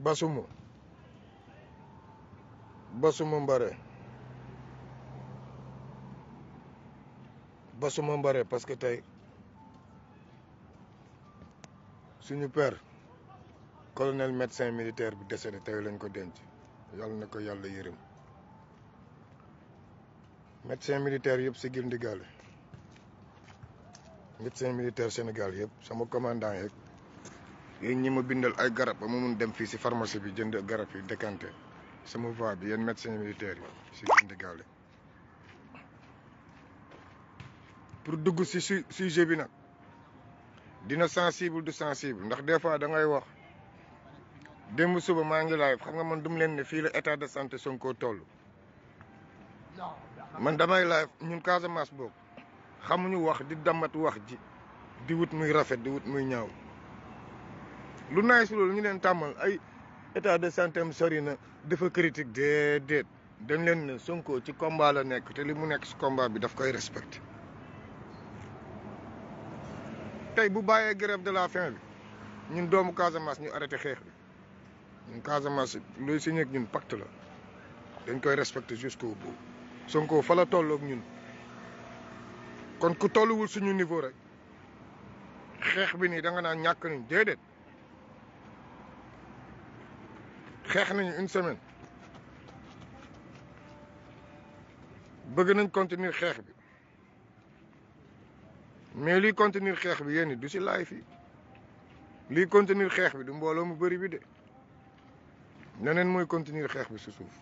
Basumo Basumo Mbare Basumo Mbare parce que tey suñu per colonel médecin militaire bi décédé tey lañ ko denc yàlla na ko yàlla yërëm médecin militaire yëpp si gil ndigaale médecin militaire Sénégal yëpp sama commandant yeeg yéen ñi ma bindal ay garab ba ma mun dem fii si pharmacie bi jënd garab yi décanté sama voix bi yéen médecins militaires yi si jënd gaale pour dugg si su sujet bi nag dina sensible du sensible ndax des fois da ngay wax démb suba maa ngi live xam nga man dum leen ne fii la état de santé Sonko toll man damay live ñun Casamance boobu xamuñu wax di damat wax ji di wut muy rafet di wut muy ñaaw lu naay si loolu ñu leen tàmmal ay état de santé am sori na dafa critique déedéet dañ leen ne Sonko ci combat la nekk te li mu nekk si combat bi daf koy respecté tey bu bàyyee grève de la faim bi ñun doomu Casamance ñu arrêté xeex bi ñun Casamance luy signé ak ñun pacte la dañ koy respecté jusqu'au bout Sonko fa la ñun kon ku tolluwul suñu niveau rek xeex bi nii da nga naan ñàkk nañ déedéet xeex nañu une semaine bëgg nañ continuer xeex bi mais liy continuer xeex bi yéen du ci laay fii liy continuer xeex bi du mbooloo mu bari bi de neneen mooy continuer xeex bi si suuf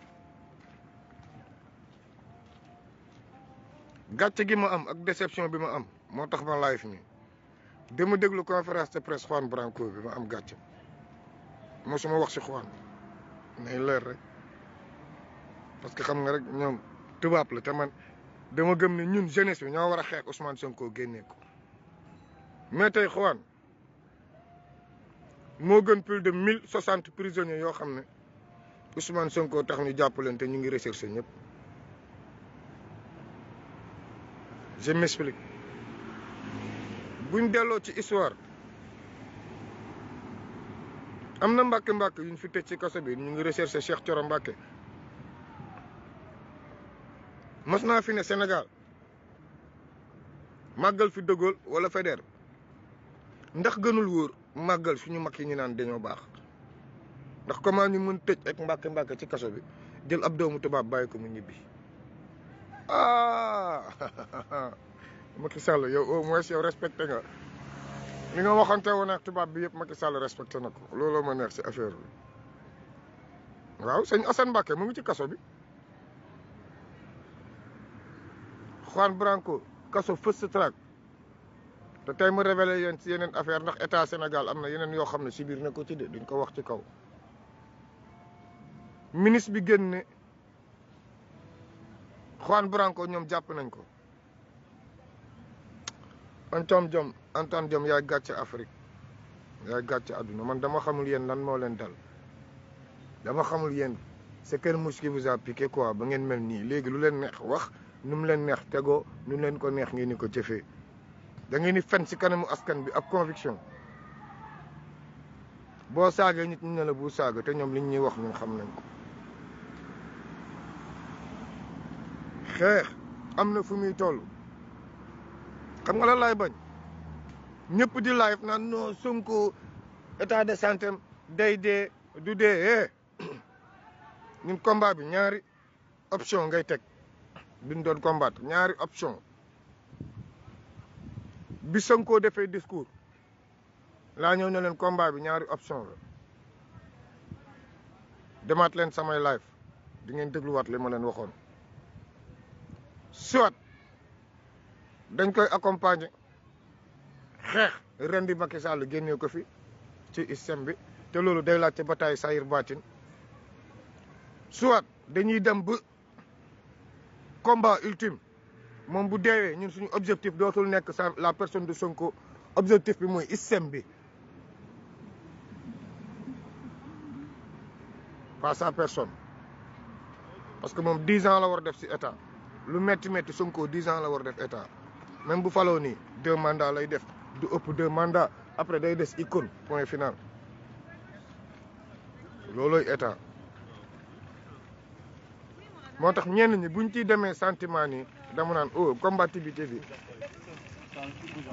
gàcce gi ma am ak déception bi ma am moo tax ma live nii dama déglu conférence de presse Juan Branco bi ma am gàcce moo suma wax si Juan nay leer rek eh. parce que xam nga rek ñom tubab la te man dama gëm ni ñun jeunesse bi ñoo wara a Ousmane Sonko génné ko mais tay xwan mo gën plus de 1060 prisonniers yo xamné Ousmane Sonko tax ñu jàpp ñu ngi recherché ñep je m'explique buñ délo ci histoire am na Mbàkke Mbàkke yu ñu fi tëj ci kaso bi ñu ngi recherché Cheikh Thioro Mbàkke mës naa fi ne Sénégal màggal fi De Gaulle wala Faidherbe ndax gënul wóor màggal suñu mag yi ñu naan dañoo baax ndax comment ñu mën tëj ak Mbàkke Mbàkke ci kaso bi jël ab doomu tubaab bàyyi ko mu ñibbi ah Macky Sall yow au moins yow respecté nga. ni nga waxante woon ak tubab bi yep Macky Sall respecté nako ko ma neex si affaire bi waaw sëñ Assane Mbacké mo ngi ci kasso bi Juan Branco kaso first track te tay mo révéler yeen ci yenen affaire ndax état Sénégal amna na yo xamné ci bir si ko ci de duñ ko wax ci kaw ministre bi génne Juan Branco ñom japp nañ ko antom jom antom jom ya gatch Afrique ya gatch aduna man dama xamul yeen lan mo len dal dama xamul yeen ce que mouche qui vous a piqué quoi ba ngeen mel ni legui lu len neex wax num len neex tego nu len ko neex ngeen ni ko jeffe da ngeen ni fen ci kanamu askan bi ab conviction bo saga nit ñu la bu saga te ñom liñ ñi wax ñun xam nañ ko xex amna fu muy tollu xam nga la laay bañ ñëpp di live naan non Sonko état de santé day dee du dee eh. ñun combat bi ñaari option ngay teg duñ doon combattre ñaari option bi Sonko defee discours laa ñëw ne leen combat bi ñaari option la demaat leen samay live di ngeen dégluwaat li ma leen waxoon soit dañ koy accompagner xeex ren di Macky Sall génnee ko fi ci système bi te loolu day laajte bataille sayir baatin soit dañuy dem ba combat ultime moom bu deewee ñun suñu objectif dootul nekk sa la personne de Sonko objectif bi mooy système bi pas sa personne parce que moom dix ans la war def si état lu metti metti Sonko dix ans la war def état même bu faloo nii deux mandats lay def du ëpp deux mandats après day des icône point final Lolo état moo tax ñenn ñi buñ ciy demee sentiment ni dama naan oh combativité bi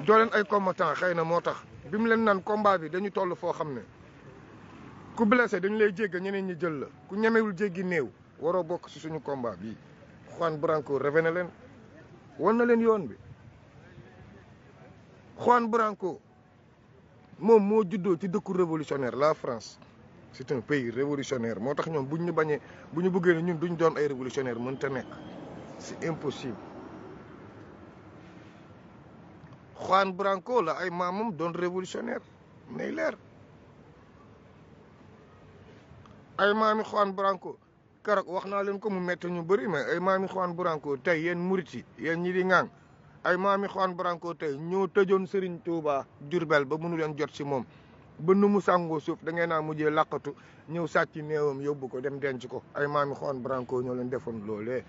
doo leen ay combattant xëy na moo tax nan mu leen naan combat bi dañu toll foo xam ku blessé dañu lay jégg ñeneen ñi jël la ku ñemewul jéggi suñu combat bi Juan Branco revenelen, na leen yoon bi Juan Branco mom mo juddo ci deuk révolutionnaire la France c'est un pays révolutionnaire motax ñom buñ ñu bañé bu ñu bëggee ñun duñ doon ay révolutionnaire mën ta nek c'est impossible Juan Branco la ay maamam doon révolutionnaire nay leer ay Juan Branco karak waxna leen ko mu metti ñu bëri mais ay Juan Branco tay yeen murit yeen ñi di ngang ay maami Juan Branco tey ñoo tëjoon Serigne Touba Jurbel ba mënu leen jot si moom ba nu mu sàngoo suuf da ngeen naa mujjee laqatu ñëw sàcc néewam yóbbu ko dem denc ko ay maami Juan Branco ñoo leen defoon loolee.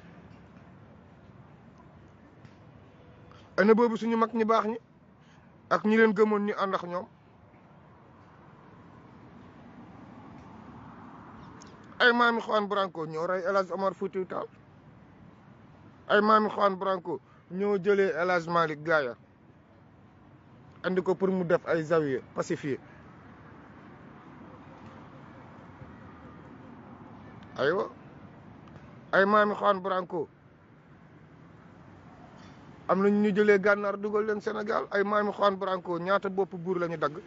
ana boobu mag ñi baax ak ñi leen gëmoon ñu ànd ñoom ay maami Juan Branco ñoo rey El Omar Foutiyou Tall ay maami Juan Branco. ñoo jëlee El Hadj Malick ko pour mu def ay zawiya pacifié aywa ay maami Juan Branco am na ñu jëlee gànnaar dugal leen Sénégal ay maami Juan Branco ñaata boppu buur la ñu dagg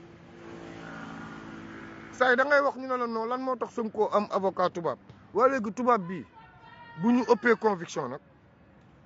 saa dangay wax ñu ne la non lan moo tax Sonko am avocat tubaab waa léegi tubaab bi bu ñu ëppee conviction nag.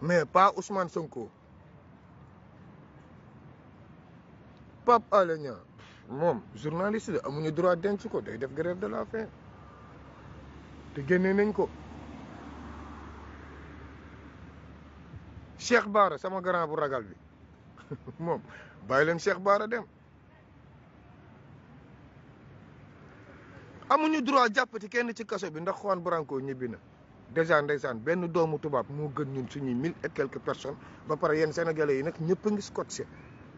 mais pas Ousmane Sonko Pape Alé Niang moom journaliste la amuñu droit denc ko day def grève de la faim te génne nañ ko Cheikh Bara sama grand bu ragal bi moom bàyyi leen Cheikh Bara dem amuñu droit jàppati kenn ci kaso bi ndax Juan Branco ñibbi na dèjà ndeysaan benn doomu tubaab moo gën ñun suñuy mille et quelques personnes ba pare yéen sénégalais yi nag ñëpp a ngi scotché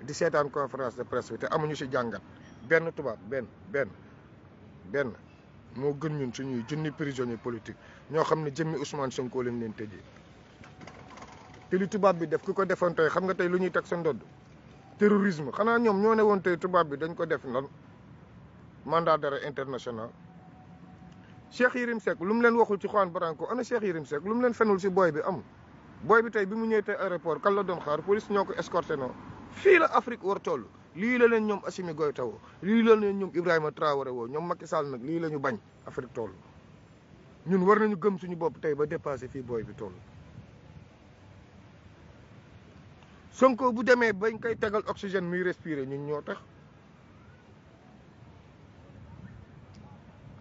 di seetaan conférence de presse bi te amuñu si jàngat benn tubaab benn benn benn moo gën ñun suñuy junni prisonnier politique ñoo xam ne jëmmi Ousmane Sonko leen leen tëjee te li tubaab bi def ku ko defoon tey xam nga tey lu ñuy teg sa ndodd terrorisme xanaa ñoom ñoo ne woon tey tubaab bi dañ ko def noonu mandat d'arrêt international Cheikh Yérim Seck lu mu leen waxul ci Juan Branco ana Cheikh Yérim Seck lu mu leen fenul si booy bi amul booy bi tey bi mu ñëwee tey aéroport kan la doon xaar police ñoo ko escorté noo fii la Afrique war toll lii la leen ñoom Assimi Goïta woo lii la leen ñoom Ibrahima Traoré woo ñoom Macky Sall nag lii la ñu bañ Afrique toll ñun war nañu gëm suñu bopp tey ba dépassé fii booy bi toll Sonko bu demee bañ koy tegal oxygène muy respirer ñun ñoo tax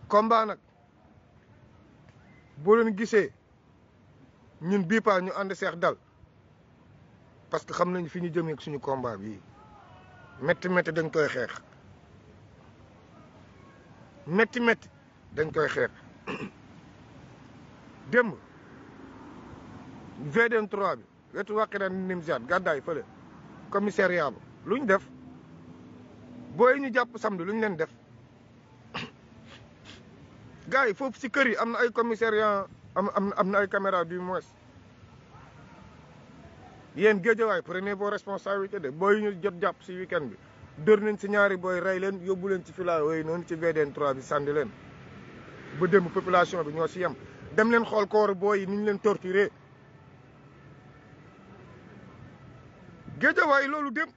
combat nag boo leen gisee ñun bii ñu ànd seex dal parce que xam nañ fi ñu jëmee suñu combat bii métti métti dañ koy xeex métti métti dañ koy xeex démb VDN 3 bi wetu Wakhinane Nimzatt gàddaay fële commissariat ba lu ñu def booy ñu jàpp samedi lu ñu leen def gars yi foofu si kër yi am na ay commissariat am am na ay caméra du moins yéen géejawaay prenez vos responsabilités de booy ñu jot jàpp si week bi dër nañ si ñaari booy rey leen yóbbu leen ci filaa yooyu noonu ci VDN 3 bi sànni leen ba démb population bi ñoo si yem dem leen xool kooru booy yi ni leen torturé géejawaay loolu dem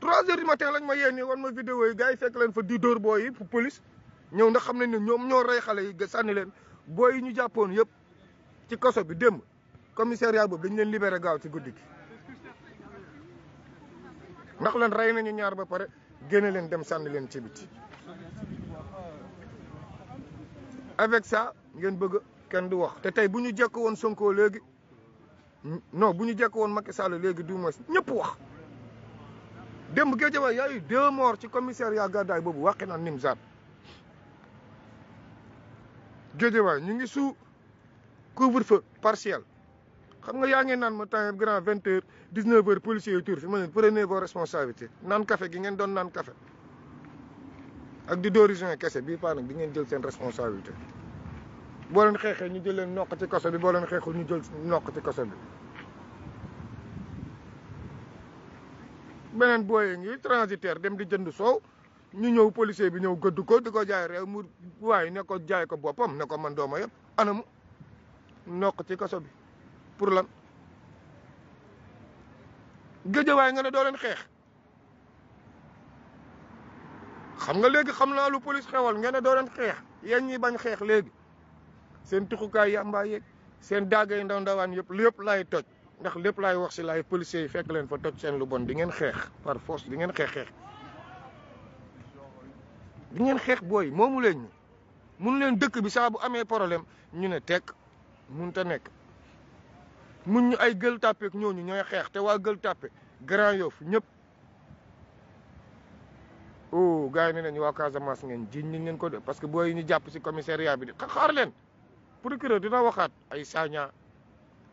trois heures du matin lañ ma yee nii wan ma vidéo yi gars fekk leen fa di dóor booy yi pour police ñew ndax xam nañ ne ñoom ñoo rey xale yi sànni leen booy ñu japon yépp ci koso bi dem commissariat boobu dañ leen libéré gaaw ci guddi ndax leen ray nañu ñaar ba pare gëna leen dem sanni leen ci biti avec ça ngeen bëgg kenn du wax té tay buñu ñu jekk woon sonko légui non buñu ñu jekk woon Macky Sall légui du mo ñëpp wax démb géejawaay yaayu deux morts ci commissariat bobu waxina nimzat sous couvre-feu partiel. Vous nous il y a un grand 20h, 19h, policier autour. Prenez vos responsabilités. Nan café, vous avez donné un café. Avec des origines, vous avez pris vos responsabilités. Vous avez pris vos responsabilités. Vous avez pris vos responsabilités. Vous avez pris vos responsabilités. Vous avez pris vos responsabilités. Vous avez pris responsabilités. ñu ñëw policier bi ñëw gëdd ko di ko jaay réew mu waaye ne ko jaay ko boppam ne ko man dooma yëpp anamu nokk ci kaso bi pour lan géejawaay nga ne doo leen xeex xam nga léegi xam naa lu police xewal nga ne doo leen xeex yéen ñi bañ xeex léegi seen tuxukaay yàmbaa yeeg seen daaga yi ndaw ndawaan yëpp lépp laay toj ndax lépp laay wax si laay policiers yi fekk leen fa toj seen lu bon di ngeen xeex par force di ngeen xeex xeex di ngeen xeex booy moomu leen ñu mun leen dëkk bi saa bu amee problème ñu ne tekk mun ta nekk mun ñu ay gël tàppe ñooñu ñooy xeex te waa gël tàppe Grand Yoff ñëpp oh gars yi ne nañu waa Casamance ngeen jiñ nañ leen ko de parce que booy yi ñu jàpp si commissariat bi de xaar leen procureur dina waxaat ay Sagna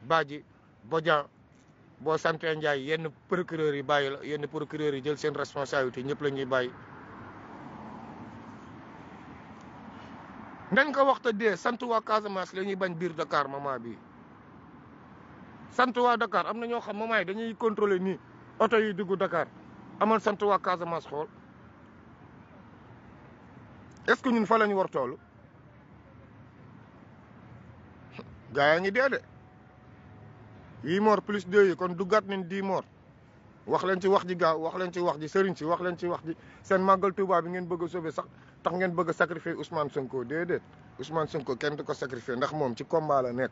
Badji Bodian boo santee Ndiaye yenn procureur yi bàyyi la yenn procureur yi jël seen responsabilité ñëpp la ñuy bàyyi nañ ko waxta dee sant waa Casamance la ñuy bañ biir Dakar moment bi sant waa Dakar am na ñoo xam moment yi dañuy contrôler nii oto yi dugg Dakar amal santu waa Casamance xool est-ce que ñun fa la ñu war toolu gaa yaa ngi dee de yi morts plus deux yi kon duggaat nañ dix morts wax ci wax ji gaaw wax leen ci wax ji sëriñ si wax leen ci wax ji seen màggal Tuubaa bi ngeen bëgg a sauver sax tax ngeen bëgg sacrifier Ousmane Sonko Ousmane Sonko kenn du ko sacrifier ndax mom ci combat la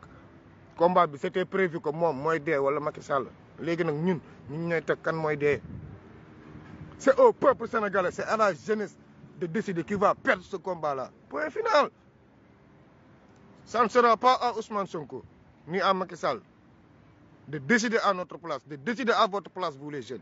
combat bi c'était prévu que moi, moy suis wala Macky Sall légui nak ñun ñu kan c'est au peuple sénégalais c'est à la jeunesse de décider qui va perdre ce combat là point final. ça ne sera pas à Ousmane Sonko ni à Macky de décider à notre place de décider à votre place vous les jeunes.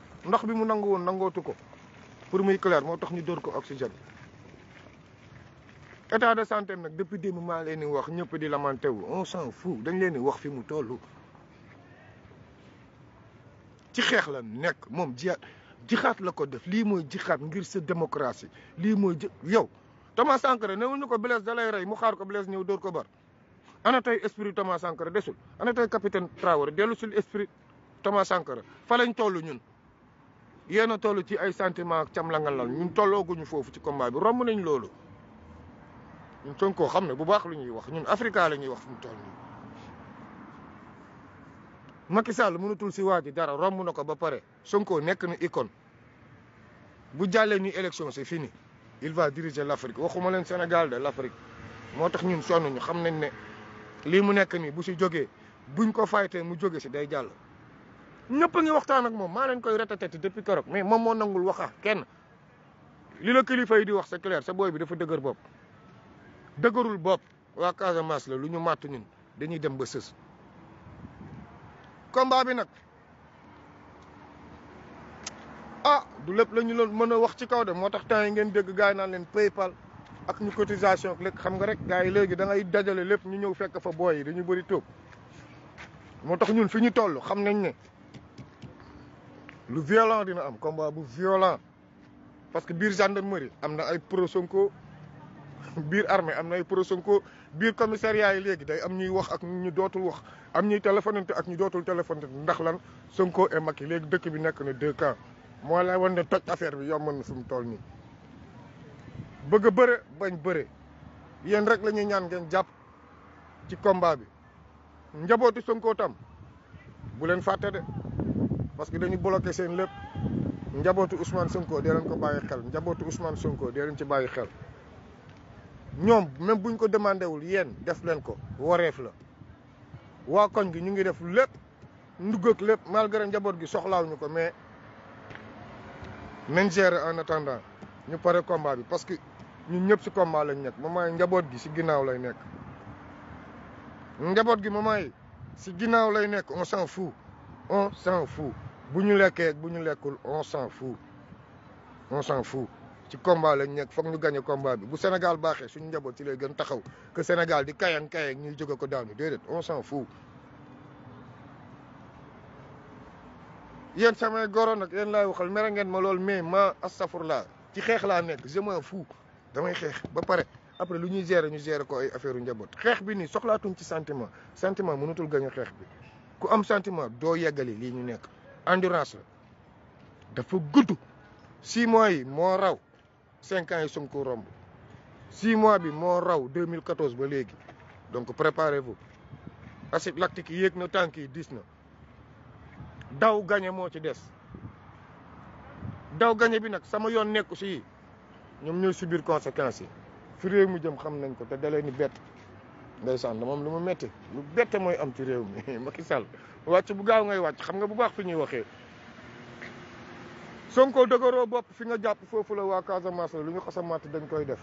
ndax bi mu nangu woon nangootu ko pour muy clair moo tax ñu door ko oxygène état de santé nag depuis démb maa leen di wax ñëpp di lamenté wu on s'en fout dañ leen di wax fi mu tollu ci xeex la nekk moom ji jixaat la ko def lii mooy jixaat ngir sa démocratie lii mooy yow Thomas Sankara newul ñu ko Blaise da rey mu xaar ko Blaise ñëw door ko bar ana tey esprit Thomas Sankara desul ana tey capitaine Traoré dellu sul esprit Thomas Sankara fa lañ toll ñun yéen a toll ci ay sentiment ak cam la nga lal ñun tollooguñu foofu ci combat bi romb nañ loolu ñun Sonko xam ne bu baax lu ñuy wax ñun Africa la ñuy wax fu mu toll nii. Macky mënatul si waa ji dara romb na ko ba pare Sonko nekk na icône bu jàllee ñu élection c'est fini il va diriger l'Afrique waxuma leen Sénégal de l'Afrique moo tax ñun sonn ñu xam nañ ne lii mu nekk nii bu si jógee buñ ko faytee mu jóge si day jàll. ñëpp a ngi waxtaan ak moom maa leen koy retatati depuis keroog mais moom moo nangul wax kenn li la kilifa yi di wax c'est clair sa booy bi dafa dëgër bopp dëgërul bopp waa Casamance la lu ñu màttu ñun dañuy dem ba sës combat nag ah du lépp la ñu loon mën a wax ci kaw de moo tax temps yi ngeen dégg gaay yi naan leen paypal ak ñu cotisation ak léegi xam nga rek gars yi léegi da ngay dajale lépp ñu ñëw fekk fa booy yi dañu bëri tóob moo tax ñun fi ñu toll xam nañ ne lu violent dina am combat bu violent parce que biir gendarmerie am na ay pro Sonko biir armée am na ay pro Sonko biir commissariat yi léegi day am ñuy wax ak ñu dootul wax am ñuy téléphonante ak ñu dootul téléphonante ndax lan Sonko et Macky léegi dëkk bi nekk na deux camps moo lay wan ne toj affaire bi yomb na fu mu toll nii. bëgg a bëre bañ bëre yéen rek la ñuy ñaan ngeen jàpp ci combat bi njabootu Sonko tam bu leen fàtte de. parce que dañu bloqué seen lepp njabootu Ousmane Sonko di leen ko bayyi xel njabootu Ousmane Sonko di leen ci bayyi xel ñom même buñ ko demandé wul yeen def leen ko wareef la wa koñ gi ñu ngi def lepp ndug ak lepp malgré njaboot gi soxlaaw ñuko mais men gère en attendant ñu pare combat bi parce que ñun ñëpp si combat lañ nek moment gi ci ginaaw lay njaboot gi moment ci ginaaw lay nek on s'en fout on s'en fout bu ñu lekkee bu on s'en fout on s'en fout ci combat lañ nekk foog ñu gagné combat bi bu Sénégal baaxee suñu njaboot ci lay gën taxaw que Sénégal di kayang kayang ñuy jóge ko daanu déedéet on s'en fout. yéen samay goro nak yéen lay waxal mere ngeen ma lool mais ma astafurlaa ci xex la nekk je m'en fous damay xex ba paré après luñuy gérer ñu gérer ko ay affaireu njabot xex bi ni soxlaatuñ ci sentiment sentiment mënutul gagné xex bi ku am sentiment do yeggali li ñu nekk. endurance la dafa gudd six mois yi moo raw cinq ans yi Sonko romb six mois bi moo raw 2014 ba léegi donc préparez-vous acide lactique yéeg na tànk yi diis na daw gañe moo ci des daw gañe bi nag sama yoon nekku si ñoom ñooy subir conséquences yi fi réew mi jëm xam nañ ko te dalee ni bett ndeysaan moom lu mu métti lu bette mooy am ci réew mi Macky sal wacc bu gaaw ngay wacc xam nga bu baax fi ñuy waxee Sonko dëgëroo bopp fi nga jàpp foofu la waa Casamance la lu ñu xasamaat dañ koy def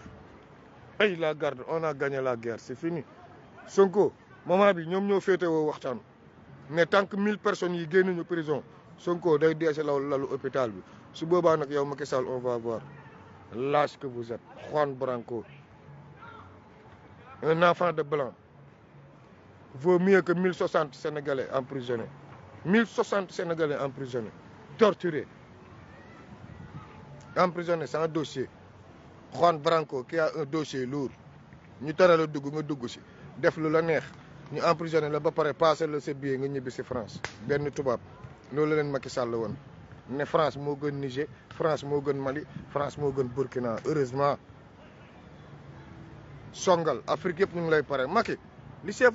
ay la garde on a gagné la guerre c'est fini Sonko moment bi ñoom ñoo féetewoo waxtaan mais tant que mille personnes yi génn ñu prison Sonko day deese law lalu hôpital bi su boobaa nag yow Macky Sall on va voir l'âge que vous êtes Juan Branco un enfant de blanc vaut mieux que 1060 Sénégalais emprisonnés. 1060 Sénégalais emprisonnés, torturés, emprisonnés sans dossier. Juan Branco qui a un dossier lourd. ñu terale dugg nga dugg si def lu la neex ñu emprisonné le ba pare passé le sa billet nga ñibbi si France benn tubaab loolu leen Macky Sall woon France moo gën Niger France moo gën Mali France moo gën Burkina heureusement songal Afrique yëpp ñu le lay Macky les chef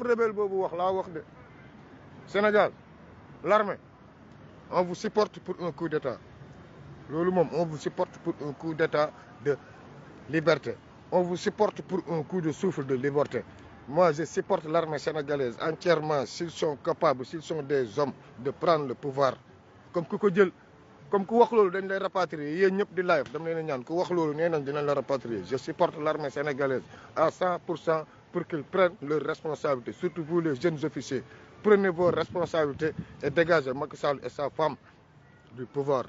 Sénégal l'armée on vous supporte pour un coup d'état on vous supporte pour un coup d'état de liberté on vous supporte pour un coup de souffle de liberté moi je supporte l'armée sénégalaise entièrement s'ils sont capables s'ils sont des hommes de prendre le pouvoir comme ku comme ku wax lolu rapatrier je supporte l'armée sénégalaise à 100% pour qu'ils prennent leurs responsabilités, surtout vous les jeunes officiers. Prenez vos responsabilités et dégagez Macky et sa femme du pouvoir.